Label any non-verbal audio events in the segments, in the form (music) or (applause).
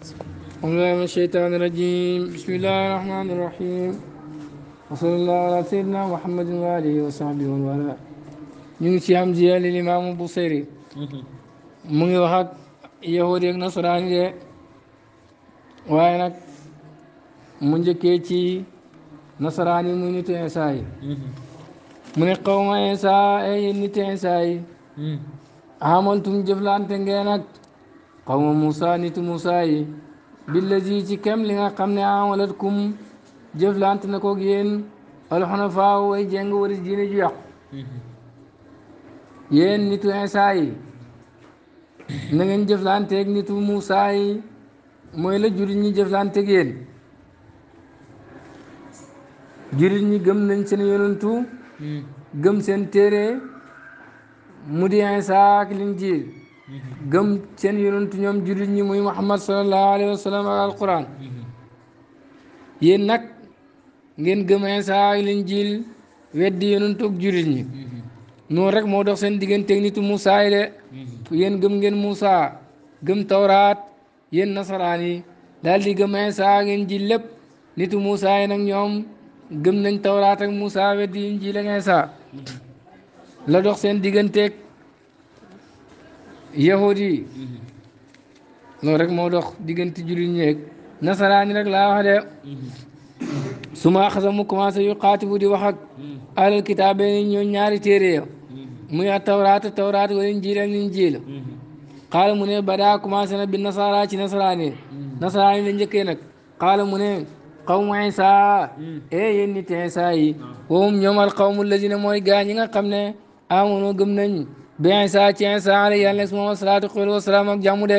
بسم الله من الشيطان الرجيم بسم الله الرحمن الرحيم وصلى الله على سيدنا محمد وآله وصحبه وآله نمشي هم زيال الإمام البصيري من يوحك يهود نصران جي وينك من جكيتي نصران من نتعسائي من قوم إيسا أي نتعسائي عامل تنجبلان تنجينك xawma Moussa nitu Moussa yi billazi ci kem li nga xam ne amalat kum jëflante na koog yéen alxunafaa way jeng wari diine ju yàqu mm-hmm. yéen nitu Isaa yi na ngeen jëflanteeg nitu Moussa yi mooy la jurit ñi jëflanteeg yéen jurit ñi gëm nañ seen yonantu mm-hmm. gëm seen tere mu di Isaa ak Linjiil gëm seen yonent ñoom jullit ñi muy muhammad salallahu alayhi wa sallam ak alquran yéen nag ngeen gëm Insa ak Linjiil weddi yonent ak jullit ñi noonu rek moo dox seen digganteeg nitu Moussa yi de yéen gëm ngeen Moussa gëm Tawraat yéen nasaraan yi daal di gëm Insa ak Linjiil lépp nitu Moussa yi nag ñoom gëm nañ Tawraat ak Moussa weddi Linjiil ak Insa la dox seen digganteeg. yahud yi loolu rek moo dox diggante jullit ñeeg nasaraani rek laa wax de su ma xasee mu commencé yu xaatibu di wax ak alal kitaabe ni ñaari téere muy a tawraat tawraat wala injiil ak injiil xaala mu ne na bi nasaraani nasaraani la njëkkee nag xaala mu ne xawmu Isa e yéen nit Isa yi woom ñoom al mooy gaa ñi nga xam ne bi Isa ci Isa alayhi yàlla nekk si moom asalaatu xéwal wasalaam ak jàmm de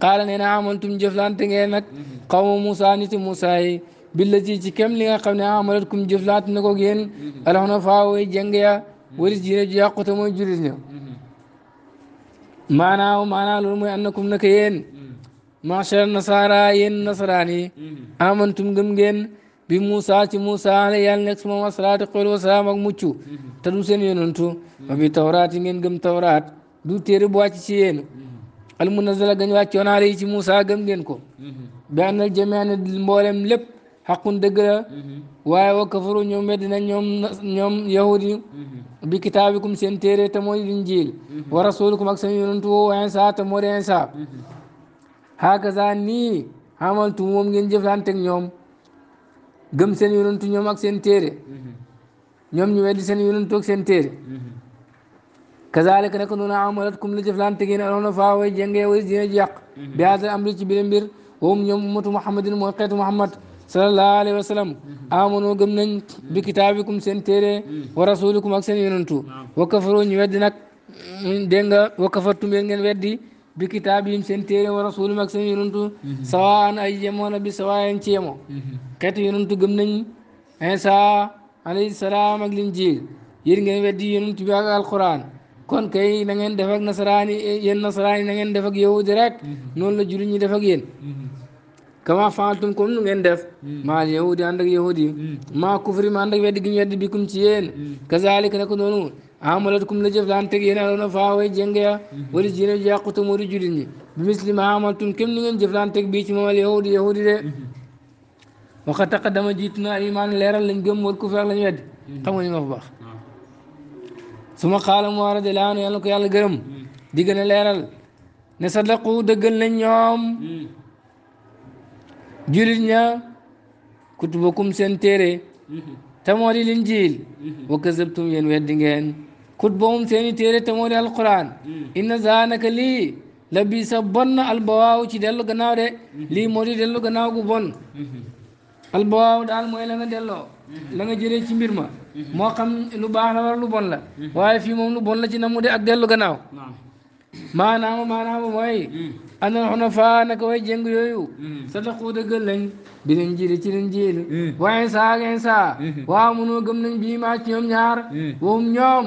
xaala nee na amantum jëflante ngeen nag xawma Moussa niti Moussa yi billa ci ci kem li nga xam ne amalat kum jëflante na ko yéen alxuna faa way jëng ya waris diine ju yàqute mooy jurit ña maanaaw maanaaw loolu mooy annakum naka yéen machar nasara yéen nasaraan yi amantum gëm ngeen bi Moussa ci Moussa ala yàlla nekk sama wasalaatu xol wasalaam ak mucc te du seen yonantu mm-hmm. wa bi tawraat ngeen gëm tawraat du téere bu wàcc ci yéen mm-hmm. al munazala gañ wàccoon ci Moussa gëm ngeen ko mm-hmm. bi annal jamiana mboolem lépp xaqun dëgg la waaye wa kafaru ñoom wedd na ñoom ñoom yahudi bi kitaabikum seen téere te mooy Linjiil wa rasulukum ak seen yonantu woo insa te moo di insa hakaza nii xamaltu moom ngeen jëflante ak ñoom gëm seen yonantu ñoom ak seen téere mm-hmm. ñoom ñu weddi seen yonantu ak seen téere mm-hmm. kazaalika nag noonu amalat kum la jëflante ngeen aroon a faa way jëngee way dina ji yàq mm-hmm. bi haadal amri ci biir ñoom ummatu muhammadin mooy xeetu muhammad sallallahu alayhi wa sallam amonoo gëm nañ bi kitaabikum seen téere wa ak seen yonantu wa kafaroo ñu weddi nag dégg nga wa kafartum ngeen weddi bi kitaab yim seen téere wa rasulim ak seen yonantu sawaan ay yemoon bi sawaayan ci yemoo xeetu yonantu gëm nañ Isa alayhi salaam ak Linjiil yéen ngeen weddi yonantu bi ak alquran kon kay na ngeen def ak nasaraan yi yéen nasaraan yi na ngeen def ak yahudi rek noonu la jullit ñi def ak yéen kama faaltum comme nu ngeen def maal yahudi ànd ak yahudi maa kufri ma ànd ak weddi gi ñu weddi bikum ci yéen kazaalika naka noonu amalatukum la jëflanteeg yéen aloona faa way jëng ya wala diine ji yàquta moo di jullit ñi bi mislim amaltum kem ni ngeen jëflanteeg bii ci moom al yahudi yahudi de waxa taqaddama jiitu na al iman leeral lañ gëm war ku feex lañ weddi xam nga ñu ma fa baax su ma xaala mu war a de laanu ko yàlla gërëm di gën a leeral ne sadaqu dëggal nañ ñoom jullit ña kutubakum seen téere te moo di liñ jiil wa kazabtum yéen weddi ngeen kutubahum seen i téere te moo di alquran hmm. inna zaa naka lii la bii sa bon na ci dellu ganaaw de hmm. lii moo di dellu gannaaw gu bon hmm. albawaaw daal mooy la nga delloo la nga jëlee ci mbir ma moo xam lu baax lu bon la waaye fii moom lu bon la ci na mu de ak dellu gannaaw maanaam maanaam mooy anal xunafa naka way jëng yooyu sadaqu dëggal lañ bi leen jiiri ci leen jiil waaye saa ngeen saa waaw munoo gëm bii maa ci ñoom ñaar wowum ñoom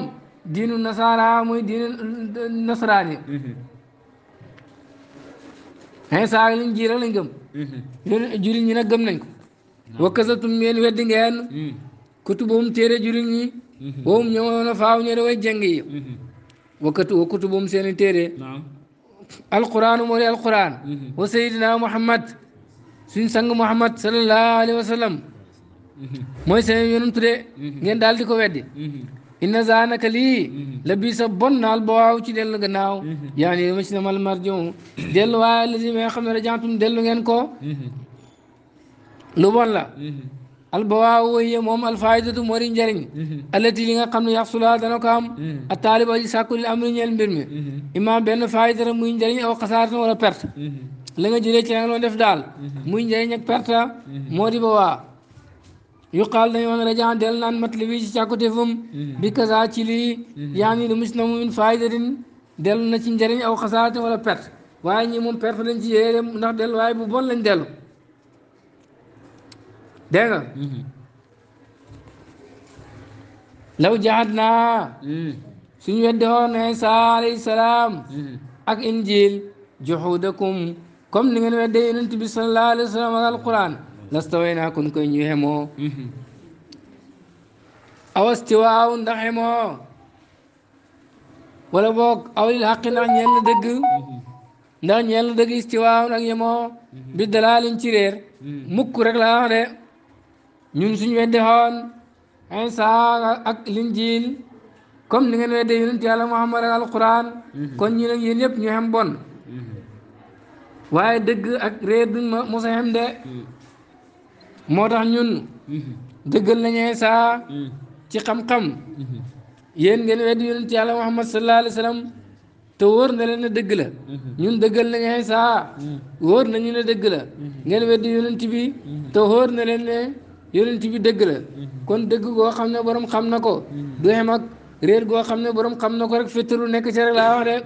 diinu nasaara muy diinu nasaraani xëy mm-hmm. saa liñ jiira lañ mm-hmm. juriñ ñi nag gëm nañ ko wakkasatum ngeen weddi ngeen mm. kutubum téere juriñ ñi mm-hmm. woom ñëwoon a faaw ñëre way jàng yi wakkatu wa kutubum seeni téere alquran moo di wa sayidina muhammad suñ sang muhammad sallallahu alayhi wa sallam mooy seen yonum tudde ngeen daal di ko weddi inna zaa naka lii mm-hmm. la sa bon naal boo waaw ci dellu gannaaw yaani dama ci namal waaye la si nga xam ne rajantum dellu ngeen ko mm-hmm. lu la mm-hmm. albawaa wooye moom alfaidatu mori njëriñ alati li nga xam ne yaxsulaa dana ko am a taalib aji sàkku li amri ñeel mbir mi imaam benn faidara muy njëriñ wala perte la nga ci la nga def daal muy njëriñ ak perte moo di bawaa yuqaal dañu woon raja del naan matlabi ci càkkutéefam bi kaza ci lii yaa ni lu mus na mu min faayidatin dellu na ci njëriñ aw xasaarate wala perte waaye ñi moom perte lañ ci yéere ndax dellu waaye bu bon lañ dellu dégg nga law jaxat naa suñu wedde woon ne saa alayhi salaam ak injil juxuudakum comme ni ngeen wedde yonent bi sallallahu alayhi wa sallam ak alquran lastawee naa kon koy ñu xemoo awastiwaaw ndax xemoo wala boog awlil xaqi ndax ñeel na dëgg ndax ñeel dëgg istiwaaw nag yemoo bi dalaalin ci réer mukk rek laa wax de ñun suñu weddi xoon insa ak linjiil comme ni nga ne de yonent yàlla muhammad ak alquran kon ñu nag yéen ñëpp ñu xem bon waaye dëgg ak réer duñ ma de moo tax ñun dëggal nañu saa ci xam-xam yéen ngeen weddi yonent yàlla Muhammad sallallahu alayhi wa sallam te wóor na leen ne dëgg la ñun dëggal nañu saa wóor nañu ne dëgg la ngeen weddi yonent bi te wóor na leen ne yonent bi dëgg la kon dëgg goo xam ne borom xam na ko du xem ak réer goo xam ne borom xam na ko rek féttalu nekk ci rek laa wax de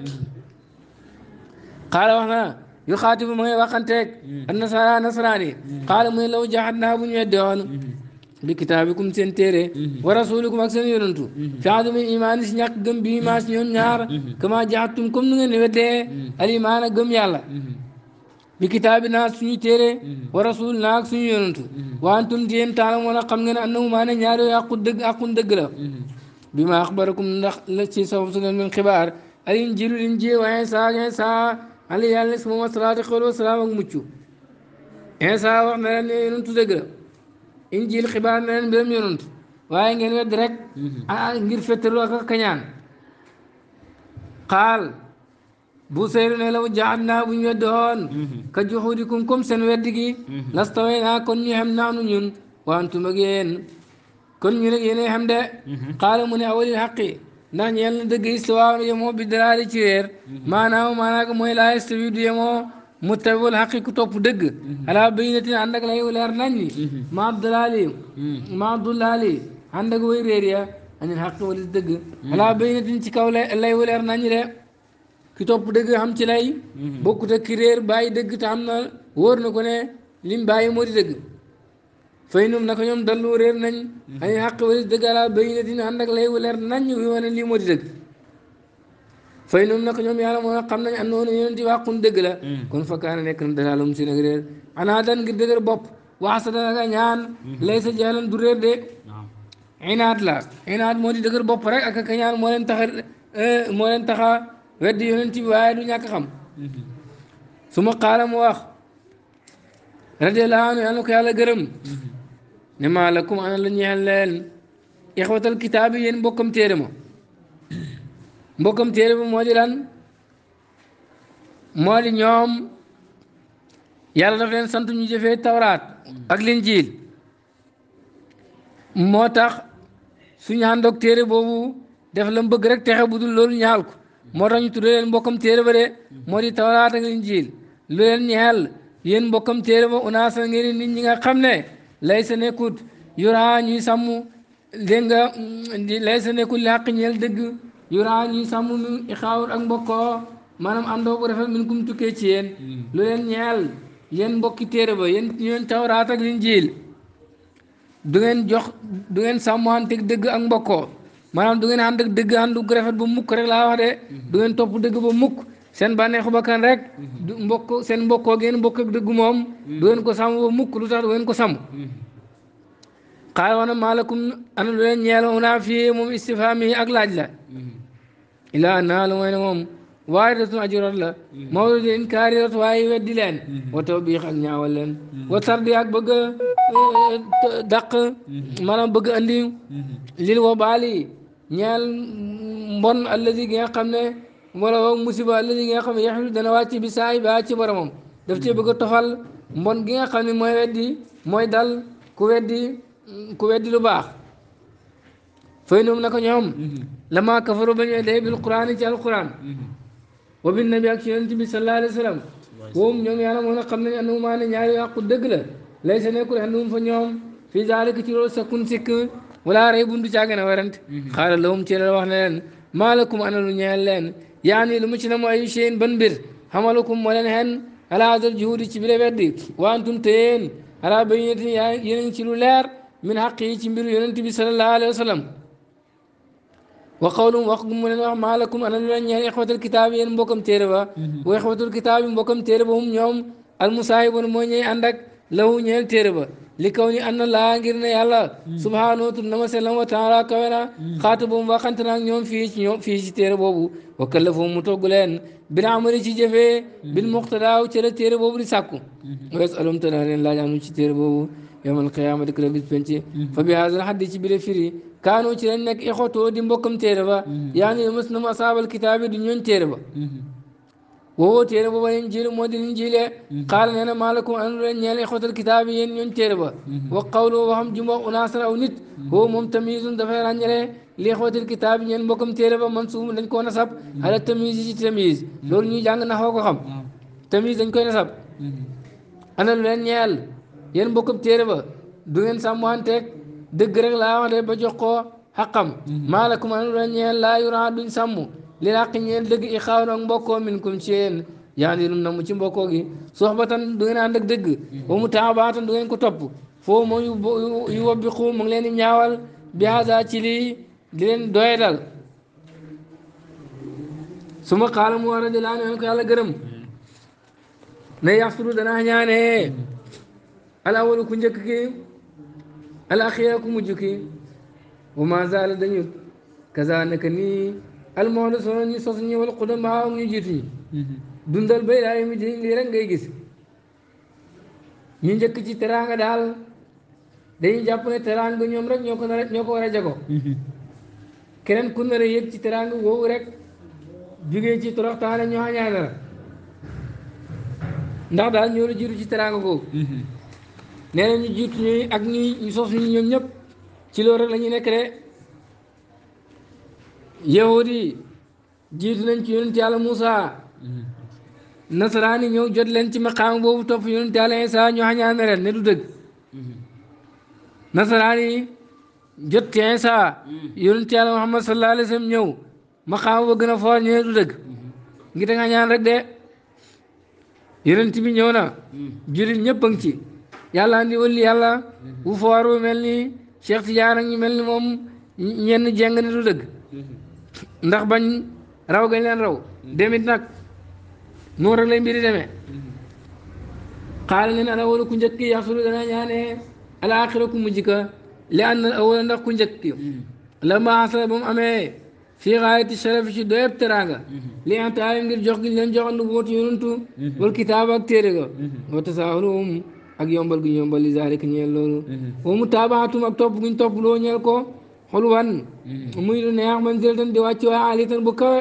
xaala wax na yu xaatibu ma ngay waxanteeg an nasara nasaraan yi xaala mu ne law jaxat naa bu ñu wedde woon bi kitaabikum seen téere wa rasulikum ak seen yonantu fi adamil imaan si ñàkk gëm bi imaan si ñoom ñaar kama jaxattum comme nu ngeen ne weddee al imaan ak gëm yàlla bi kitaabi naa suñu téere wa rasul naa ak suñu yonantu wa antum di yéen taalam wala xam ngeen annahu maa ne ñaar yooyu aqu dëgg aqun dëgg la bi ma axbarakum ndax la ci sabab su ngeen xibaar al xale yàlla ne sama salaatu xéwal ak mucc insa wax na leen ne yonentu dëgg la injil xibaar na leen waaye ngeen wedd rek mhm. ah ngir fetteru ak ak kañaan xaal bu seyru ne la mu naa bu ñu wedd woon mhm. ka juxudikum comme seen wedd gi mhm. lastawee naa kon ñu xam naanu ñun wantum ak kon ñu nag yéenay xam de xaala mu ne awalil xaqi ndax ñeel na dëgg istiwaa yemoo bi dalaali ci réer mhm. maanaam maanaam ko mooy laa istawi du yemoo mu tawul xaqi ku topp dëgg mhm. alaa bayinatin ànd ak lay leer nañ ni mhm. maa dalaali maa dulaali ànd way réer ya anil xaqi walis dëgg alaa bayinatin ci kaw lay leer nañ de ki topp dëgg xam ci lay bokkut ki réer bàyyi dëgg te am na wóor na ko ne lim bàyyi moo di dëgg فينوم نكنيوم دلو رير نن هاي حق وليس دقالا بين دين عندك لاي ولير نن ويوان اللي مدرك فينوم نكنيوم يعلم وانا قمنا انه نن ينتي واقن دقلا كن فكان نكن دلالهم سنغرير انا دان قد دقر بوب واسدا نغا نيان ليس جالا درير دي نعم. عناد لا عناد مودي دقر بوب رأي اكا كنيان مولين تخر أه، مولين تخا ودي ينتي وايد آية ونياك خم ثم قال مواخ رجل الله عنه يعلمك يا نما لكم انا لن يهلل إخوة الكتاب ين بكم تيرما بكم تيرما مودي لان مودي نيوم يالا نفين سنت ني جيفي التوراة اك الانجيل موتاخ سو ني اندوك تيري بوبو داف لام بوغ رك تخي بودول لول نيالك موتاخ ني تودي لين بكم تيرما ري مودي توراة اك الانجيل لولن نيال ين بكم تيرما اناس غيري نين نيغا خامني lay sa nekkut yuraa ñuy sàmm dégg nga lay sa nekkut li xaq ñeel dëgg yuraa ñuy sàmm min ixaawut ak mbokkoo maanaam àndoo bu rafet min kum tukkee ci yéen mm. lu leen ñeel yen mbokki téere ba yéen ñoon tawraat ak linjiil du ngeen jox du ngeen sàmmante dëgg ak mbokkoo maanaam du ngeen ànd ak dëgg àndu rafet ba mukk rek laa wax de mm-hmm. du ngeen topp dëgg ba mukk seen bànneexu bakkan rek mhm. du mbokk seen mbokkoo ngeen mbokk ak mhm. du ngeen ko sàmm ba mukk lu tax du ngeen ko sàmm xaala mhm. wax na maalakum ana lu leen ñeel naa fii moom istifaam ak laaj la ilaa naa lu mooy ne moom waaye ajurat la mawlu di inkaari rat waaye weddi leen wa tawbiix bëgg eh, eh, dàq maanaam bëgg andi lil wabaali ñeel mbon alladi gi nga xam ne مرام مصيبة الذي يخم يحمل دنواتي بساي باتي مرام دفتي بكو تفال مون جي يخم موي ودي موي دال كو ودي لو باخ فينهم نكو نيوم لما كفروا بني ادي بالقران تي القران وبالنبي اك يونتي بي صلى الله عليه وسلم هم نيوم يالا مون خم ني انو ما ني نياري واخ دغ لا ليس نيكو انهم في نيوم في ذلك تي رو سكن سك ولا ريبوندو تاغنا ورنت خال لهم تي لا واخ نين مالكم انا لو نيال لين يعني لمشنم أي شيء بنبر حملكم ولنهن على هذا الجهود تبلا بدك وأنتم تين على بينة ينشلوا لار من حقه تبلو ينتبي صلى الله عليه وسلم وقول وقم من لكم أنا لن يعني إخوة الكتاب ينبوكم تيربا وإخوة الكتاب ينبوكم تيربا هم يوم المصاحب ونموني عندك law ñeel téere ba li kaw ni an na laa ngir ne yàlla hmm. subhaanahu tur na ma sellam wa taala kawe na xaata bu mu waxante naag ñoom fii ci ñoom fii ci téere boobu wa kallafu mu togg leen bil amali ci jëfee hmm. bin muqtadaaw ci la téere boobu di sàkku hmm. wees alum tana leen laaj am ci téere boobu yawmal qiyaama dëkk fa bi haazal haddi ci bile firi kaanu ci lañ nekk ixotoo di mbokkam téere ba yaa ni mës na mu asaabal kitaabi du ñooñ téere ba woo téere booba leen jiilu moo di leen jiile xaala mm-hmm. nee na maalakum andu leen ñeel ixwatal kitaab yi yéen ñooñ téere ba mm-hmm. wax xawlu waxam jum wax unaasan aw nit mm-hmm. woo moom tamisun dafay ràññale li ixwatal kitaab yi ba man suum dañ nasab ala tamise yi ci loolu ñuy jàng na xoo ko xam tamise dañ koy nasab ana lu leen ñeel yéen mbokkam téere ba du ngeen sàmmanteeg dëgg rek laa wax de ba jox ko xaqam maalakum andu leen ñeel laa yuraa duñ sàmm li làq ñeel i xaaw ak mbokkoo min kum ci yéen yaa na mu ci mbokkoo gi soxbatan du ngeen ànd ak dëgg ba mu taabaatan du ngeen ko topp foofu moom yu yu wobbi leen ñaawal bi haaza ci lii di leen doyadal su ma xaaral mu war a jëlaat ñu ko yàlla gërëm danaa ñaanee al ku njëkk ki al ku mujj ki wa ma zaala dañu kaza naka nii. almuhadisuna ñi sos ñi wal qudamaa ñu jiit ñi dundal bay laa mi jëriñ lii rek ngay gis ñu njëkk ci teraanga daal dañuy jàpp ne teraanga ñoom rek ñoo ko ñoo ko war a jago keneen ku nar yëg ci teraanga woowu rek jugee ci toroxtaane ñoo añaane la ndax daal ñoo la jiitu ci teraanga googu nee ñu jiitu ñuy ak ñu sos ñu ñoom ñëpp ci loolu rek nekk de yahud yi jiitu nañ ci yonent yàlla Moussa mm-hmm. nasaraan yi ñëw jot leen ci maqaam boobu topp yonent yàlla Isa ñu xañaane ren ne du dëgg mm-hmm. nasaraan yi jot ci Isa mm-hmm. yonent yàlla Muhammad sallallahu alayhi ñëw maqaam ba gën a foor ñu ne du dëgg ngi da nga ñaan de yonent bi ñëw na jurit ñëpp a ci yàlla andi wëlli yàlla wu foor bu mel ni Cheikh Tidiane ñu mel ni moom ñenn jeng ne du dëgg ndax bañ raw gañ leen raw demit nag noonu rek lay mbiri demee xaala neen al awala ku njëkk yaxsulu dana ñaanee al axira ku mujj ka li ànd al awala ndax ku njëkk la ma asala ba mu amee fii xaayati sharaf ci doyab teranga li taay ngir jox gi leen jox ndu wootu yonantu wal kitaab ak téere ga wa tasaahurum ak yombal gi yombal li zaalik ñeel loolu wa mutabaatum ak topp guñ topp loo ñeel ko xulwan mm-hmm. muy lu neex man jël tan di wàcc waaye ali tan bu kawe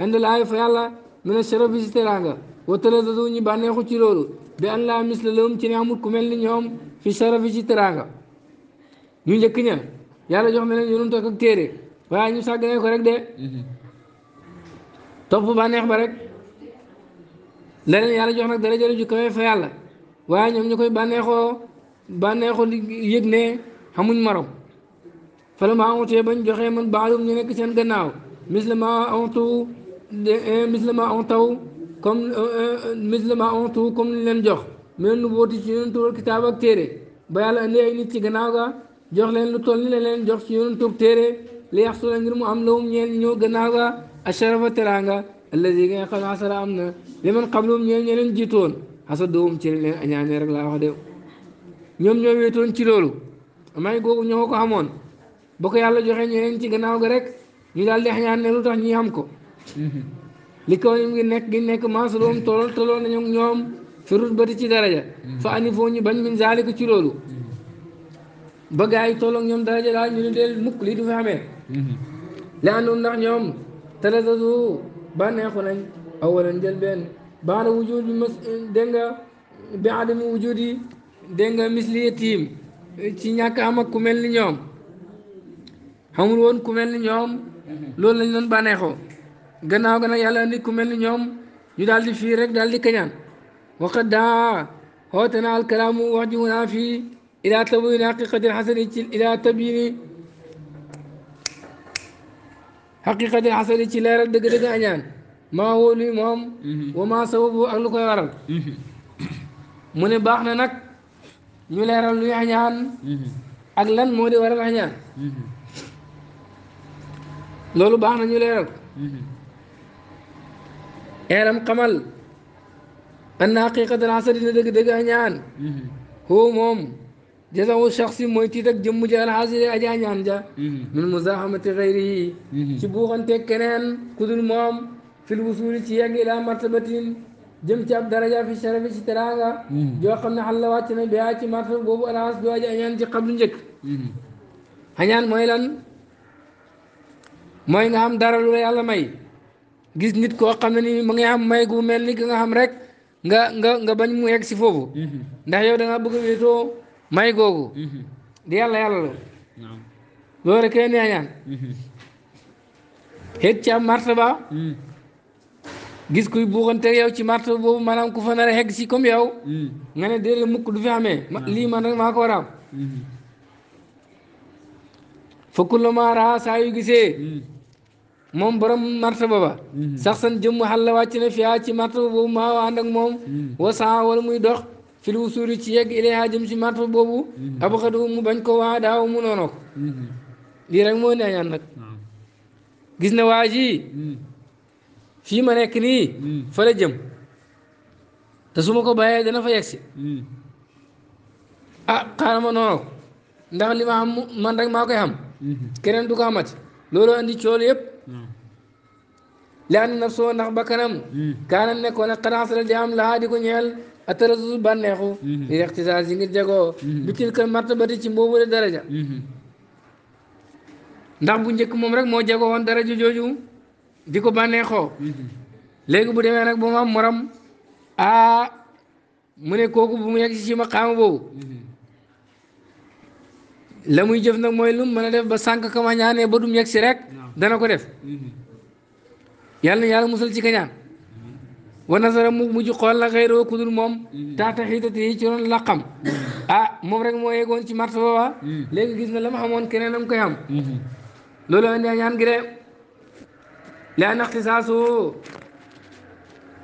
indi laay fa yàlla mu ne sharaf bi si teraanga watala dadu ñu bànneexu ci loolu bi an laa misla lahum ci ne amul ku mel ni ñoom fi sharaf bi ci teraanga ñu njëkk ña yàlla jox na leen yonent ak téere waaye ñu sàgg ko rek de mm-hmm. topp bànneex ba rek la leen yàlla jox nag daraja ju kawe fa yàlla waaye ñoom ñu koy bànneexoo bànneexu yëg ne xamuñ morom fala ma ontee bañ joxee man baalum ñu nekk seen gannaaw misle ma ontu eh, misle ma ontaw comme eh, eh, misle ma leen jox mel nu booti ci yonentu wal kitaab ak téere ba ay nit ci gannaaw ga jox leen lu tol ni leen jox ci yonentu ak téere li yax su ngir mu am lawum ñeen ñoo gannaaw ga asharafa teraanga allazi nga xam xasara am na li man xamlum ñeen ñe leen jiitoon xasa doowum ci leen añaane rek laa wax de ñoom ñoo wéetoon ci loolu may googu ñoo ko xamoon ba yàlla joxe ñeneen ci gannaaw ga rek ñu daal di xañaan ne lu tax ñi am ko li kaw ñu ngi nekk gi nekk maasulóom tolol toloo nañu ñoom firut bati ci daraja fa ani foo ñu bañ min zaalika ci loolu ba gars yi tolloog ñoom daraja daal ñu ne deel mukk lii du fi amee la andoon ndax ñoom talazazu bànneexu nañ awalan jël benn baana wujud bi dégg nga bi adami wujud yi dégg nga misli ci ñàkk am ak ku mel ni ñoom xamul woon ku mel ni ñoom loolu lañ doon bànneexoo gannaaw ga nag yàlla indi ku mel ni ñoom ñu daal di fii rek daal di kañaan waqat daa xoote na alkalaamu wax ji munaa fii ilaa tabyini xaqiqatil xasani ci ilaa tabyini xaqiqatil xasani ci leeral dëgg-dëgg añaan maa woo luy mm-hmm. wa maa sababu ak lu koy waral mm-hmm. mu ne baax na nag ñu leeral luy añaan mm-hmm. ak lan moo di waral añaan loolu baax nañu ñu leeral ko mm-hmm. anna xaqiqatan asadi na dëgg-dëgg añaan xoo mm-hmm. moom jasawu shaxsi mooy tiit ak jëmm ji alxasiri aji añaan ja mm-hmm. min muzahamati xayrihi ci buuxante keneen kudul moom fil wusuli ci yegg ila martabatin jëm ci ab daraja fi sharafi ci teraanga yoo xam ne xalla wàcc na biyaa ci martaba boobu alxas doo aji añaan ci xablu njëkk añaan mooy mooy nga xam dara lu yàlla may gis nit koo xam ne ni mu ngi am may gu mel ni ki nga xam rek nga nga bañ mu egg si foofu mm-hmm. ndax yow da nga bëgg a wéetoo may googu mm-hmm. di yàlla yàlla la loolu rek lay mm-hmm. ci am mm. boobu maanaam si comme yow mm. nga ne déedéet mukk du fi amee lii man rek maa ko war fakkulamaa raha saa yu gisee hmm. moom borom martaba ba hmm. sax jëmm xal la wàcc fiyaa ci martaba boobu maa ànd ak moom hmm. wa saa muy dox fil wusuuli ci yegg ilayha jëm si martaba boobu abu xadu mu bañ ko waa daaw mu noonu ko lii rek moo neeñaan nag gis na waa ji ma nekk nii fa la jëm su ma ko bàyyee dana fa yegg si ah xaaral ma noonu ndax li man rek maa koy xam Mm-hmm. keneen du ko amati loolu andi coolu yëpp mm. li an naf soo ndax bakkanam mm. kaanam nekkoon a xanaasala di am laa di ko ñeel atarasu banneexu mm-hmm. li ixtisaas yi ngir jagoo mm-hmm. bi tilkal martabati ci mboobu de daraja ndax bu njëkk moom rek moo jagoo woon daraja jooju di ko bànneexoo léegi bu demee nag ba mu am morom aa mu ne kooku bu mu yegg si ci maqaama boobu la muy jëf nag mooy lu mu mën a def ba sànq ka ma ñaanee ba dum yegg si rek dana ko def mhm. yàlla na yàlla musal ci kañaan mhm. wa nasara mu mujj xool na xëyroo kudul moom mhm. taata xiitati yi ci doon laqam ah moom rek moo yeggoon ci martaba ba léegi gis na la ma xamoon keneen am koy xam loolu andi ñaan gi de leen axtisaasu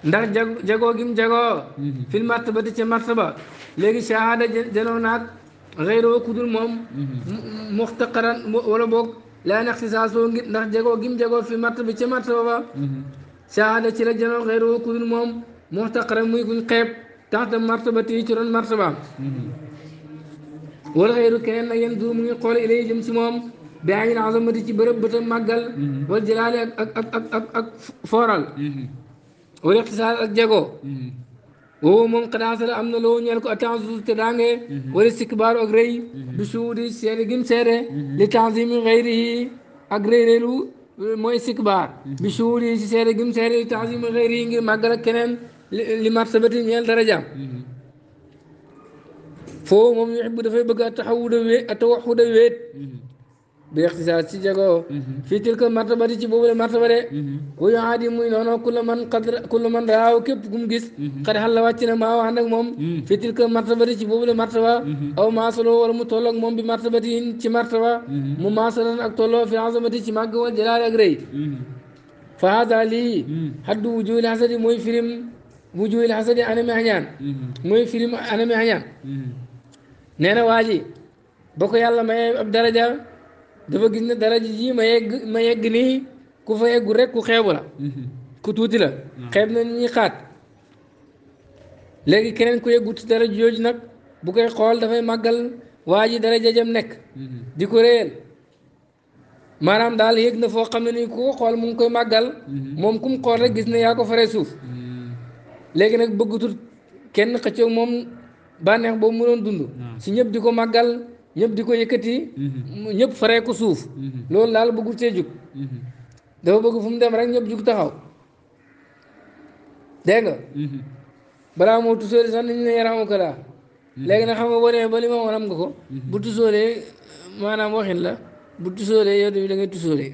ndax jagoo gim jagoo fil martaba di ca martaba léegi shahada jëloo غيره كود المهم مختقرا ولا بوك لا نختصاص ونجد نخجعو جيم جعو في مرتبة كم مرتبة شهادة تلا جنو غيره كود المهم مختقرا مي كون قب تحت مرتبة تيجرون مرتبة ولا غيره كان لا يندو من قول إليه جم سمام بعين عظمة تجبر بطن مقل والجلال أك أك أك أك أك فورال ولا اختصاص جعو woowu moom xanaa am na loo ñeel ko attenzu te daange wala istikbaar ak rëy bi mhm. suudi seede gim seede mhm. li tanzimi xayrihi ak rëy rëylu euh, mooy istikbaar bi mhm. suudi si seede gim seede li tanzimi xayrihi ngir màggal ak keneen li martabati ñeel darajaam foo moom yuhibbu dafay bëgg a taxawuda wéet a tawaxuda wéet bi ixtisaas ci jago fii tilka martabati ci boobule martaba de wuyu aadi muy noonu man raaw képp gum gis xad xalla wàcc na maa wax nag moom fii tilka martabati ci boobule martaba aw maasalo wala mu tolloog moom bi martabati ci martaba mu maasalan ak tolloo fi azamati ci màgg wal jalaal ak rëy fa hada haddu wujuhil xasadi mooy firim wujuhil xasadi anami añaan mooy firim anami añaan nee na waa ji ba ab daraja dafa gis ne dara ji ma yegg ma yegg nii ku fa yeggu rek ku xeebu la mm-hmm. ku tuuti la mm-hmm. xeeb na ñuy xaat léegi keneen ku yeggut dara jooju nag bu koy xool dafay màggal waa ji dara jajam nekk mm-hmm. di ko réyal maanaam daal yéeg na foo xam ne nii ku ko xool mu ngi koy màggal moom ku mu xool rek gis na yaa ko fare suuf léegi nag bëggutul kenn xëccoog moom bànneex boobu mu doon dund si ñëpp di ko màggal ñëpp di ko yëkkati mhm. ñëpp faree ko suuf mhm. loolu daal bëggul see jug mhm. dafa bëgg fu mu dem rek ñëpp jug taxaw dégg nga balaa moo tusóori sax nañu ne yaramu ko daa léegi nag xam nga wanee ba nga ko bu tusóoree maanaam waxin la bu tusóoree yow tamit da ngay tusóoree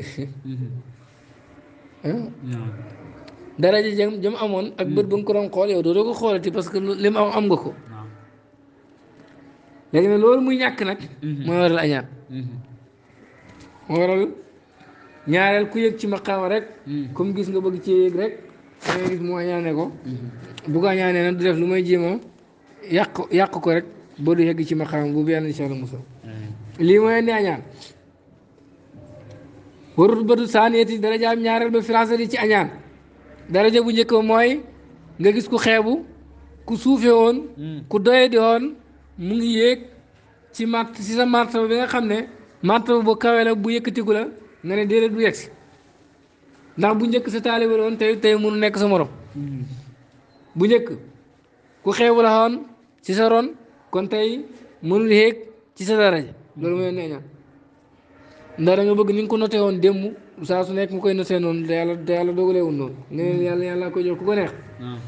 dara ji jëm amoon ak bët ba nga ko doon xool yow doo doo ko xoolati parce que li mu am am nga ko léegi nag loolu muy ñàkk nag. Mhm. mooy waral añaan. Mhm. moo waral ñaareel ku yëg ci maqaama rek. Mhm. comme gis nga bëgg ci yëg rek dangay mu añaane ko. bu añaanee nag du def lu may jéem yàq ko rek ba du yegg ci maqaama boobu yàlla incha allah musal. lii mooy indi añaan. warut batu saaniyati darajaam ñaareel ba financé di ci añaan daraja bu njëkk mooy nga gis ku xeebu ku suufe woon ku doye woon mu ngi yéeg ci mart ci sa martaba bi nga xam ne martaba bu kawe la bu yëkkatiku la nga ne déedéet du yegsi ndax bu njëkk sa taalibe doon tey tey nekk sa morom hmm. bu njëkk ku xeebu ci sa ron kon tey mënul yéeg ci sa daraja loolu mooy ne ñaan ndax da bëgg ni nga ko noté woon démb saa su nekk mu koy noté noon da yàlla da yàlla noonu nga ne yàlla yàlla koy jox ku ko neex hmm.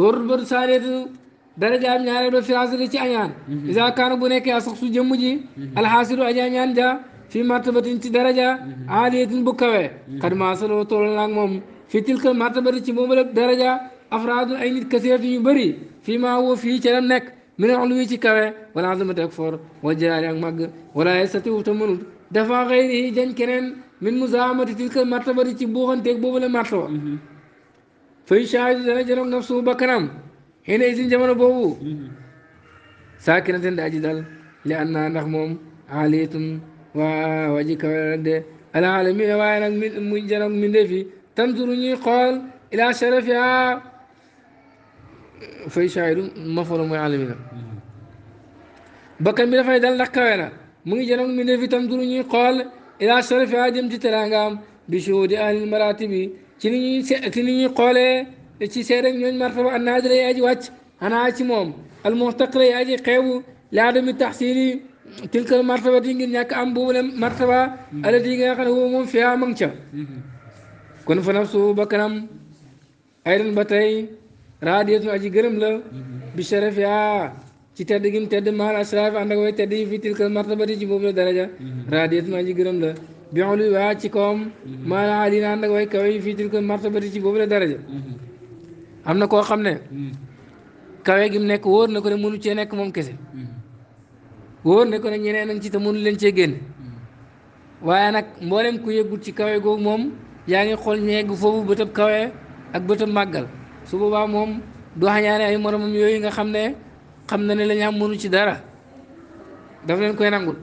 warul ba saa darajaam ñaareel ba firaasati ci añaan isa kaana bu nekkee asax su jëmm ji alxaasidu aji añaan ja fi martabatin ci daraja aaliyatin bu kawee xad maa saloo tool naag moom fi tilkal martabati ci boobu la daraja afraadu ay nit kaseeratu yu bëri fii maa fii ca nekk min uluwi ci kawe wala azamati ak mag wa jalaali ak màgg wala yastatiwu ta mënut dafa xëyri jañ keneen min musaamati tilkal martabati ci buuxanteeg boobu la martaba fay shaahidu dana janoog nafsu bakkanam xëy na isin jamono boobu mm-hmm. saakinatin dal li an moom aliatun waa waji kawe de alaalamiina waaye nag mi mu janog mi ndefi tanturu ñuy xool ila sharafiha fay shaahidu mafola mm-hmm. dal ndax kawe na mu ngi janog mi ndefi tanturu ñuy xool ila bi shuhudi ahlil maratibi ci ni ñuy እቺ ሴረኞች መርተባ እናድረ ያጂ ዋች አናችሞም አልሙህተቅረ ያጂ ቀቡ ለአደም ተሕሲሊ تلك المرتبة دينجن ياك أمبو مرتبة على دينجن ياك هو من فيها منشا كن فنفسه بكرم أيضا بتاي رادية أجي قرم له بشرف يا تتر دينجن تد مال أسراف عندك وي تدي في تلك المرتبة دي جبوب له درجة رادية أجي قرم له بعلو واتشكم مال عالين عندك وي كوي في تلك المرتبة دي جبوب له درجة am na koo xam ne hmm. kawe gi mu nekk wóor na ko ne mënu cee nekk moom kese hmm. wóor na ko ne ñeneen nañ ci te mënu leen cee génn hmm. waaye nag mbooleen ku yëggut ci kawe googu moom yaa ngi xool ñeeg foofu bëtëb kawe ak bëtëb màggal su boobaa moom du xañaane ay moromam yooyu nga xam ne xam na ne la ñu am mënu ci dara daf leen koy nangul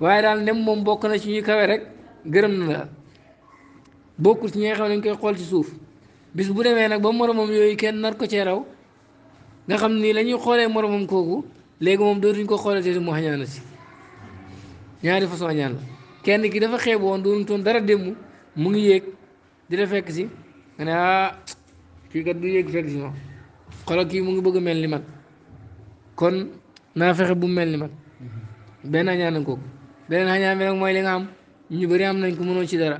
waaye daal ndem moom bokk na ci ñuy kawe rek gërëm na la bokkul ci ñi xam ne dañ koy xool ci suuf bis bu demee nag ba moromam yooyu kenn nar ko cee raw nga xam ni la ñuy xoolee moromam kooku léegi moom dootuñ ko xoolee te mu xañaana si ñaari façon ñaan la kenn ki dafa xeeboon doonu toon dara démb mu ngi yéeg di la fekk si nga ne ah kii kat du yéeg fekk si ma xolo kii mu ngi bëgg mel ni man kon naa fexe bu mel ni man benn xañaan nañ kooku beneen xañaan bi nag mooy li nga am ñu bëri am nañ ko mënoo ci dara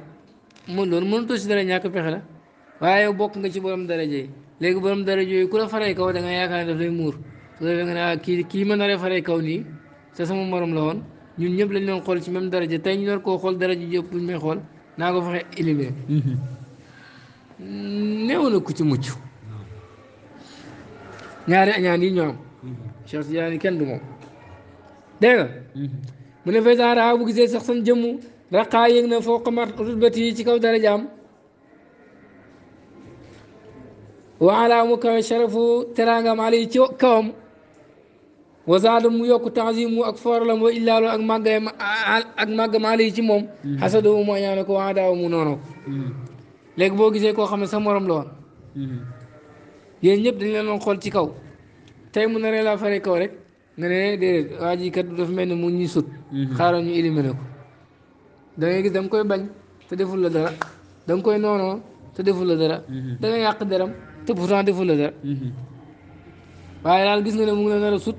mu loolu mënatoo ci dara ñàkk pexe la waaye bokk nga ci borom daraja yi léegi borom daraja yi ku la faree kaw da nga yaakaar ne daf lay muur su defee nga ne ah kii kii kaw nii te sama morom la woon ñun ñëpp lañ doon xool ci même daraja tey ñu doon koo xool daraja yëpp duñ may xool naa ko fexe éliminer. Mhm. Mm, néew ci mucc ñaari añaan yi ñoo am. Mhm. Cheikh kenn du moom dégg nga. Mhm. mu ne fay sax na foo xamaat ci kaw darajaam. waala mu kawe sharafu teraangam alay ci kawam wa zaada mu yokku ak foorlam wa illaalu ak màggam ak màggam alay ci moom xasadoo mu añaane ko waa daaw mu boo gisee koo xam ne sa morom la woon yéen ñëpp dañ leen doon xool ci kaw tey mu naree laa fare kaw rek nga ne déedéet waa ji kat mel ni mu ñuy sut xaaral ñu éliminer ko gis da koy bañ te deful la dara da nga koy noonoo te deful la dara da nga yàq deram te pourtant deful la dara mhm. waaye daal gis nga ne mu ngi la nar sut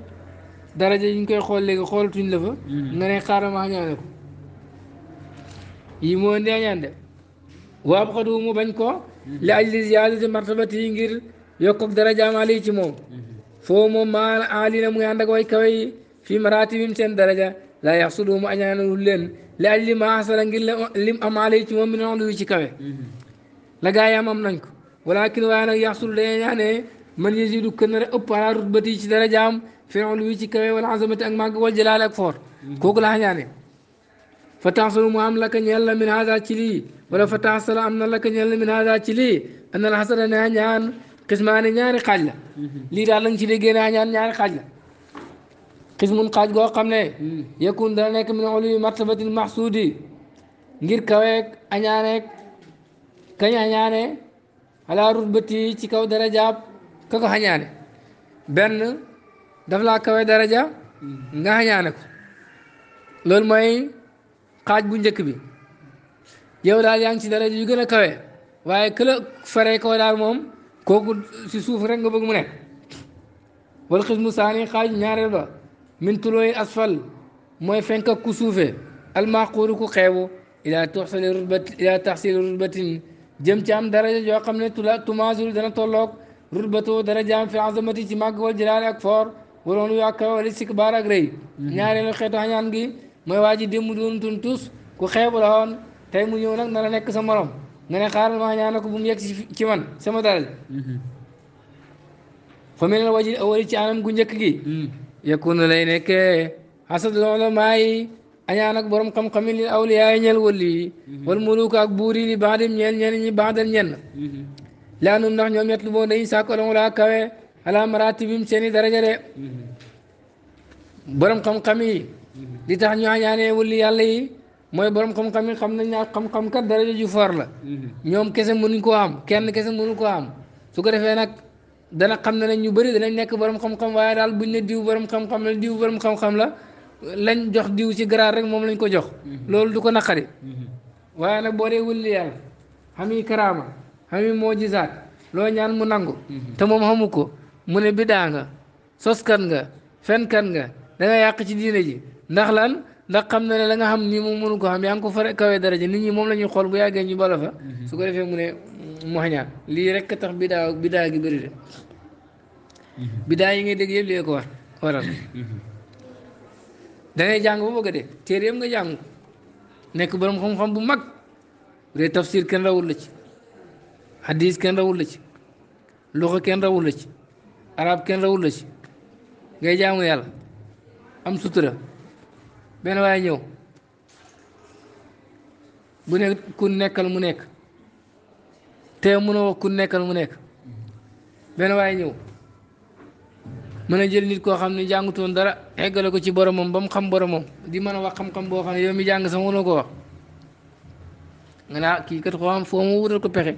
daraja yi ñu koy xool léegi xoolatuñ la fa mhm. nga ne xaaral ma añaane ko yi moo indi añaan de waab xadu mu bañ ko mhm. li ajli ziyaadati martabati yi ngir yokk ak darajaam ali ci moom foo moom maa ali na mu ngi ànd way kawe yi maratibim seen daraja laa yax sudu mu añaanewul leen li ajli ma asala ngir lim am ali ci moom mi noon lu ci kawe la am am nañ ko walakin waaye nag yaxsul dañuy ñaanee man yasidu kën na ëpp ala rutbati ci dara jaam feexul wi ci kawe wala azamati ak màgg wal jalaal ak foor kooku laa ñaanee fa taxsulu mu am laka ñeel la min hada ci lii wala fa taxsala am na laka ñeel la min hada ci lii anal xasana naa ñaan xismaani ñaari xaaj la lii daal lañ ci déggee naa ñaan ñaari xaaj la xismun xaaj goo xam ne yakun dana nekk min olu martabatil maxsuudi ngir kaweeg añaaneeg kañ añaane ala rutbati ci kaw darajaab ka ko xañaane benn daf laa kawe daraja nga xañaane ko loolu mooy xaaj bu njëkk bi yow daal yaa ngi ci daraja yu gën a kawe waaye kël fare ka daal moom kooku si suuf rek nga bëgg mu nekk wal xismu saani xaaj ñaareel ba min tulooy asfal mooy fenk ak ku suufee almaquuru ku xeebu ila taxsili rutbat ila rutbatin jëm ci am daraja yoo xam ne tula tumasul dana tolloog rutbatoo darajaam fi azamati ci màgg wal jëlaale ak foor waroon yu ak kawe wala istikbaar ak mhm. ñaareelu xeetu xañaan gi mooy waa ji démb doon ku xeebu la woon tey mu ñëw nag nekk sa morom nga ne xaaral ma ñaan bu mu yegg ci man sama daraja mhm. fa mel ne ci anam gu njëkk gi mhm. yakunu lay nekkee xasad loolu añaan ak borom xam-xam yi li awliyaa yi ñeel wëlli yi mhm. wal muluk ak buur yi li baadim ñi baadal ñenn mhm. laanum ndax ñoom ñett lu boo dañuy sàkkalon laa kawe ala maratibim seen i daraja de mhm. borom xam-xam yi li tax ñu añaanee mooy borom xam yi xam nañ naa xam-xam kat daraja for la ñoom kese mënuñ koo am kenn kese mënu ko am su ko defee nag dana xam ne nañ ñu bëri danañ nekk borom xam-xam waaye daal buñ ne diw borom xam-xam la diw borom xam-xam la lañ jox diw ci garaar rek moom lañ ko jox mhm. loolu du ko naqari mhm. waaye nag boo dee wëlli yàlla xami karaama xami moojisaat loo ñaan mu nangu mhm. te moom xamu ko mu ne bidaa nga soskan nga fenkan nga da yàq ci diine ji ndax lan ndax xam na ne la nga xam nii moom mënu ko xam yaa ngi ko fa kawee daraja nit ñi moom la ñuy xool bu yàggee ñu bala fa su ko defee mu ne mu xañaan lii rek tax bidaa bidaa gi bëri de bidaa yi ngay dégg yëpp lii ko war waral dangay jàng ba bëgg a dee nga jàng nekk borom xam-xam bu mag bu dee tafsir kenn rawul la ci hadis kenn rawul la ci luxa kenn rawul la ci arab kenn rawul ci ngay jaamu yàlla am sutura benn waaye ñëw bu nekk nekkal mu nekk te mënoo wax nekkal mu nekk benn waaye ñëw mën a jël nit koo xam ne jàngutoon dara eggale ko ci boromam ba mu xam moom di mën a wax xam-xam boo xam ne yow mi jàng sama mënoo ko wax nga naa ah, kii kat xoo xam foo mu wutal ko pexe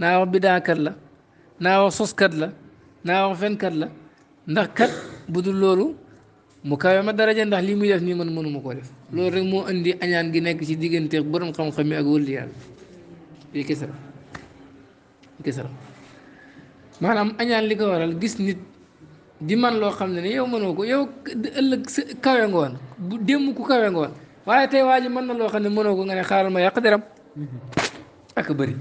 naa wax bidaakat la naa wax soskat la naa wax fenkat la ndax kat bu dul loolu mu kawe ma daraja ndax lii muy def nii man mënuma koo def loolu rek moo indi añaan gi nekk ci diggante borom xam-xam yi ak wëlli yàlla lii kese la maanaam añaan li ko waral gis di man loo xam ne ni yow mënoo ko yow ëllëg kawe nga woon bu démb ku kawe nga woon waaye tey waa ji mën na loo xam ne mënoo ko nga ne xaaral ma yàq deram ak bëri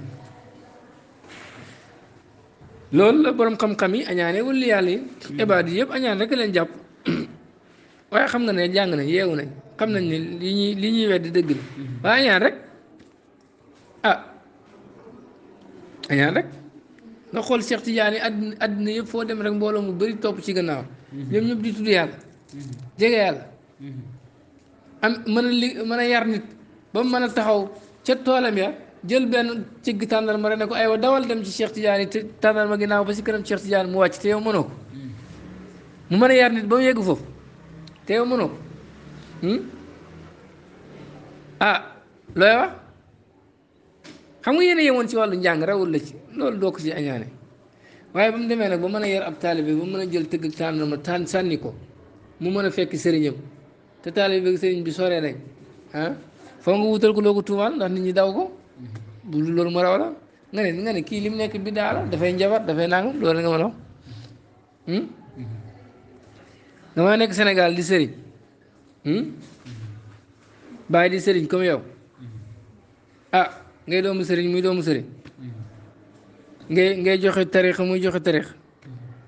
loolu la borom xam-xam yi añaane wala yàlla yi yi yëpp añaan rek leen jàpp (clears throat) waaye xam nga ne jàng yeewu nañ xam nañ ne li ñuy li ñuy weddi dëgg la nga xool Cheikh Tidiane àddina àddina yëpp foo dem rek mbooloo mu bëri topp ci gannaaw ñoom ñëpp di tudd yàlla jege yàlla am mën a li mën a yar nit ba mu mën a taxaw ca toolam ya jël benn cigg tàndarma rek ne ko aywa dawal dem ci Cheikh Tidiane te tàndarma ginnaaw ba si kanam Cheikh Tidiane mu wàcc te yow mënoo ko mu mën a yar nit ba mu yegg foofu te yow mënoo ko hmm? ah looy xam nga yéen a yemoon ci wàllu njàng rawul la ci loolu doo ko ci añaane waaye ba mu nag ba mën a yar ab taalibe ba mën a jël tëgg tànn ma tànn sànni ko mu mën a fekk sëriñam te taalibe bi sëriñ bi soree nañ ah, foo nga wutal ko loo ko tuumaal ndax nit daw ko bu loolu mu raw la nga ne nga ne kii li mu nekk bi daala dafay njabar dafay nangam lool nga mën a wax hmm? damaa nekk Sénégal di sëriñ hmm? bàyyi di sëriñ comme yow ah, ngay mu sëriñ muy doomu sëriñ ngay ngay joxe tarix muy joxe tarix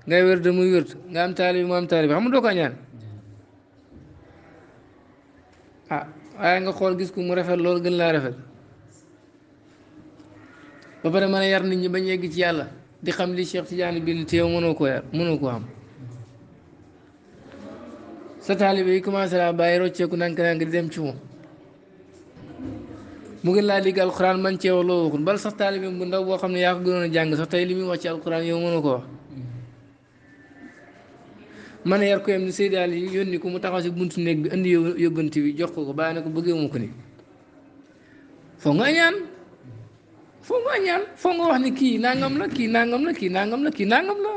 ngay wér de muy wér nga am taalibi mu am taalibi xam nga doo ko ñaan ah waaye nga xool gis ko mu rafet loolu gën laa rafet ba pare mën a yar nit ñi bañ yegg ci yàlla di xam li Cheikh Tidiane bi te yow mënoo ko yar mënoo koo xam sa taalibe yi commencé laa bàyyi rocceeku ndànk-ndànk di dem ci mu ngi laa digg alxuraan man cee wax loo waxul bal sax taalibe bu ndaw boo xam ne yaa ko gënoon a jàng sax tey li muy wax ci alxuraan yow mënu ko wax man yar ko yam ni Seydi Ali yónni ko mu taxaw si buntu néeg bi indi yóbbanti bi jox ko ko bàyyi ko bëggee mu ko ni foo nga ñaan foo nga foo nga wax ni kii nangam la kii nangam la kii nangam la kii nangam la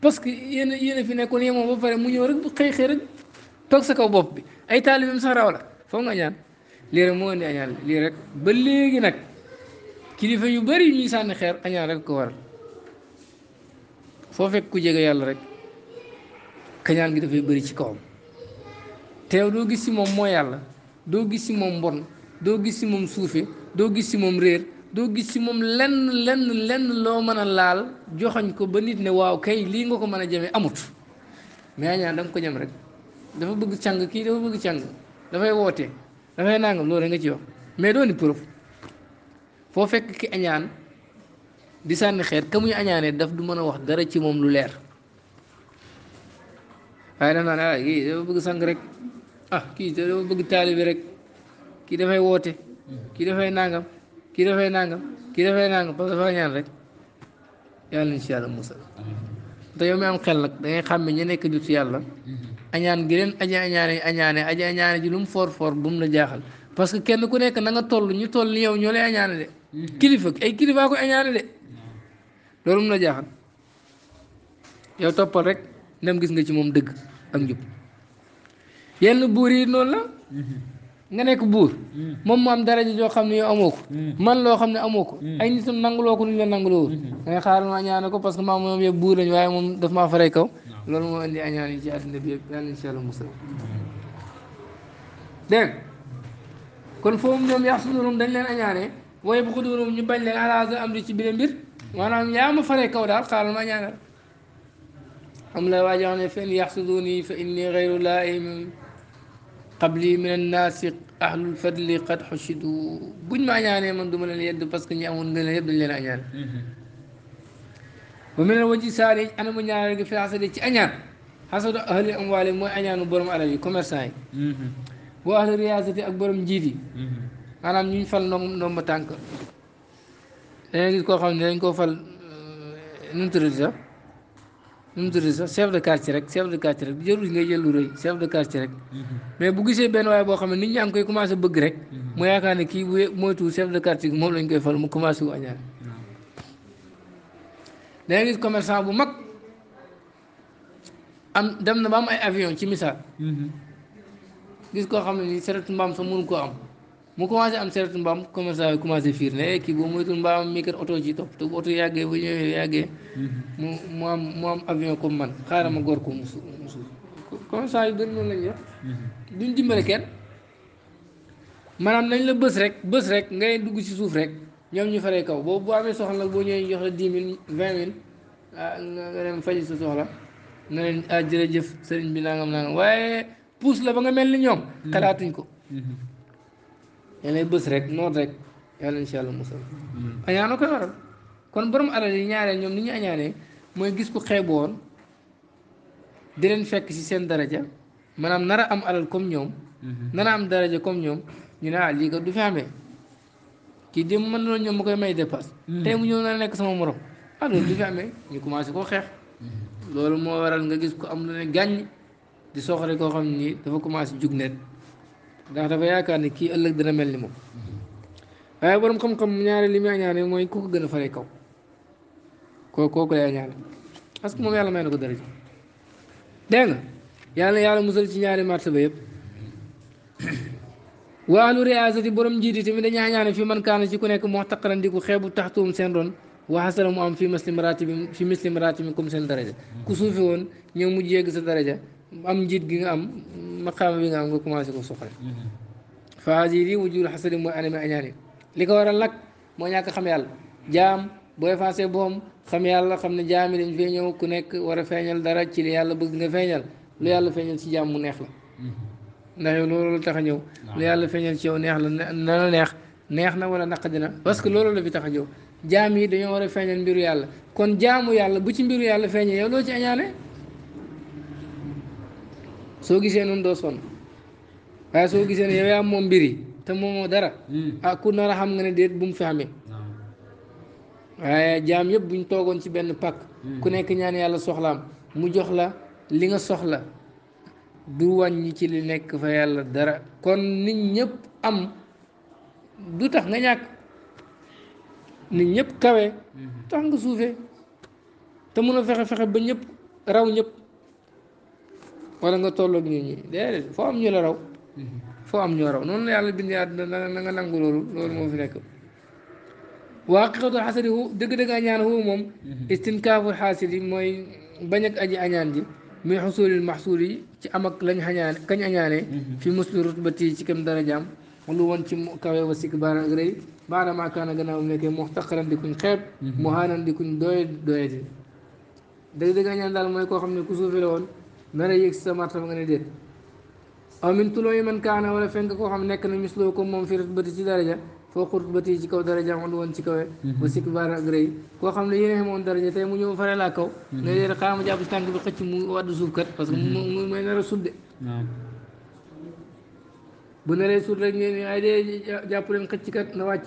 parce que yéen yéen fi nekkoon yemoo ba pare mu ñëw rek xëy xëy rek toog sa kaw bopp bi ay taalibeem sax raw la foo nga lii rek moo indi li rek ba léegi nak kilifa yu bari ñuy sànni xeer añaan rek ko war foo ku jégué yalla rek kañaan gi dafay bari ci kawam teew do gis ci mom mo yalla do gis ci mom mbon do gis ci mom suufe do gis ci mom réer do gis ci mom lenn lenn lenn lo mëna laal ko ba nit ne waaw kay li nga ko mëna jëmé amut mais añaan dang ko ñam rek dafa bëgg càng kii dafa bëgg da fay dafay nangam loolu nga ci wax mais dooni preuve foo fekk ki añaan di sànni xeet ka añaane añaanee daf du mën a wax dara ci moom lu leer waaye daf naa ne ah kii dafa bëgg sang rek ah kii dafa bëgg taalibi rek kii dafay woote kii dafay nangam kii dafay nangam kii dafay nangam parce dafa añaan rek yàlla insha allah musal te yow mi am xel nag dangay ngay xam ne ñi nekk yàlla añaan gi leen aji añaane añaane aji añaane ji lu mu foor foor bu mu la jaaxal parce que kenn ku nekk na nga toll ñu toll ni yow ñoo lay añaane de mm-hmm. kilifa ay kilifaa koy añaane de loolu mu la jaaxal yow toppal rek ndem gis nga ci moom dëgg ak njub yenn buur yi noonu la mm-hmm. nga nekk buur mm-hmm. moom mu am daraja joo xam ne yow amoo ko man loo xam ne amoo ko ay nit ñi nanguloo ko nu ñu la nanguloo da ngay xaaral ma añaane ko parce que moom yow buur lañ waaye loolu moo indi añaan yi ci àddina bi yëpp yàlla nañ si yàlla musal dégg kon foofu ñoom yaxsudurum dañ leen añaane waaye bu ko durum ñu bañ leen alaasa am di ci bile mbir maanaam yaa ma faree kaw daal xaaral ma añaanal am la waa joo ne fa in yaxsuduni fa inni xayru laaim qabli min annaasi ahlul fadli qad xushidu buñ ma añaanee man du ma leen yedd parce que ñi amoon ngën yëpp dañ leen añaane bu mel ne waji saali anamu ñaareel gi fi xasadi ci añaan xasadu ahli amwaali mooy borom alal yi commerçant yi boo mm-hmm. borom njiit yi mm-hmm. maanaam ñu fal ndom tànk dangay koo xam ne dañ koo fal euh, nu mu tudd sax nu mu tudd sax chef de quartier rek chef de quartier rek jërul ngay mm-hmm. waaye boo xam ne nit ñaa ngi koy commencé bëgg rek mu yaakaar ne kii bu moytu chef de quartier moom lañ koy fal mu commencé wu añaan da ngay gis commerçant bu mag am dem na ba am ay avion ci misaal mm-hmm. gis koo xam ne nii seretu mbaam sax mënu koo am mu commencé am seretu mbaam commerçant bi commencé fiir ne eh, kii boo moytul mbaam mi kat oto yàggee bu ñëwee yàggee mm-hmm. mu mu am mu am avion comme man xaaral ma gor ko mu suuf commerçant yu bëri noonu lañu def mm-hmm. duñ dimbale kenn maanaam nañ la bës rek bës rek ngay dugg ci suuf rek ñoom ñu faree kaw boobu bu amee soxla nag boo ñëwee ñu jox la dix mille vingt mille ah nga dem faji sa soxla na leen ah jërëjëf sëriñ bi nangam nangam waaye puus la ba nga mel ni ñoom. Mm-hmm. xalaatuñ ko. yéen lay bës rek noot rek yàlla incha allah musal. Mm-hmm. añaana koy waral kon borom alal yi ñaareel ñoom ni ñu añaanee mooy gis ku xeeboon di leen fekk ci seen daraja maanaam nara am alal comme ñoom. Mm-hmm. nara am daraja comme ñoom ñu ne ah lii kat du fi amee. kii dem mën na ñoom ma koy may dépasse mm-hmm. tey mu ñëw naa nekk sama morom ah du fi amee ñu commencé koo xeex mm-hmm. loolu moo waral nga gis ko am lu ne gàññ di soxore koo xam ni dafa commencé jug net ndax dafa yaakaar ni kii ëllëg dana mel ni moom mm-hmm. waaye borom xam-xam ñaare li muy añaane mooy ku ko gën a fare kaw koo kooku lay añaane moom yàlla may na ko daraja dégg nga yàlla yàlla musal ci ñaari marché ba yëpp (coughs) waalu riasati borom njiit yi tamit dañuy añaane fi man kaana ci ku nekk moo taqaran di ku xeebu taxtuum seen ron waxasala mu am fi muslim raati bi fi muslim raati ku suufi woon ñëw mujj yegg sa daraja am njiit gi nga am maqaama bi nga am nga commencé ko soxla phase yi lii wujjul xasali mooy aname añaane li ko waral nag moo ñàkk xam yàlla jaam boo effacé boom xam yàlla xam ne jaam yi dañ fee ñëw ku nekk war a feeñal dara ci li yàlla bëgg nga feeñal lu yàlla feeñal ci jaam mu neex la ndax yow loolu la tax a ñëw ah. lu yàlla feeñal ci yow neex la na la neex neex na wala naqadi na parce que loolu la fi tax a ñëw jaam yi dañoo war a feeñal mbiru yàlla kon jaamu yàlla bu ci mbiru yàlla feeñee yow loo ci añaane soo gisee noonu doo son waaye soo gisee ne yow yaa moom mbir yi te moomoo dara hmm. ah ku nar a xam nga ne déet bu mu fi waaye jaam yëpp buñ toogoon ci benn pàkk hmm. ku nekk ñaan yàlla soxlaam mu jox la li nga soxla du wàññi ci li nekk fa yàlla dara kon nit ñëpp am du tax nga ñàkk nit ñëpp kawe tax nga suufee te mun a fexe fexe ba ñëpp raw ñëpp wala nga tolloog ñu ñi déedéet foo am ñu la raw foo am ñoo raw noonu la yàlla bindee àdduna na nga nangu loolu loolu moo fi nekk waa xixatul xasadi dëgg-dëgg añaan hu moom mm-hmm. istinkaafu xaasid mooy bañ ak aji añaan ji min xusuulil maxsuul yi ci am ak lañ xañaane kañ añaane mm-hmm. fi musli rutbati ci kam darajaam lu woon ci kawe wa sikk baana ak rëy baana maa kaana gannaaw mu nekkee muxtaqaran di kuñ xeeb mm-hmm. mu haanan kuñ doye dëgg-dëgg añaan daal mooy koo xam ne ku suufe la woon nar a yëg si sa martaba nga ne déet aw min tuloo yi man kaana wala fenk koo xam nekk na misloo ko moom fi rutbati ci daraja foo xutbati ci kaw darajaam andu woon ci kawe mhm. ba sikk baar ak rëy koo xam ne yéene moon daraja tey mu ñëw fare kaw mhm. ne leen xaama jàpp tànk bi xëcc mu wàddu que mhm. mu may nar bu naree sud rek ngeen ay dee jàpp leen xëcc kat na wàcc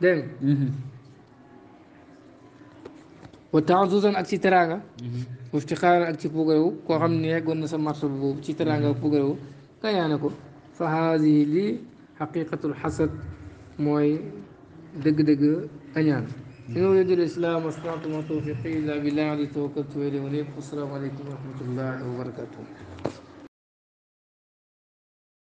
dégg nga wa taasusan ak ci teraanga wafti xaaran ak ci pugarewu koo xam ne yeggoon na sa marché boobu ci teraanga ak pugarewu kañaane ko فهذه لي حقيقة الحسد موي دق دق أنيان إن أريد الإسلام واستطعت ما توفيقي إلا بالله عليه توكلت وإليه أنيب والسلام عليكم ورحمة الله وبركاته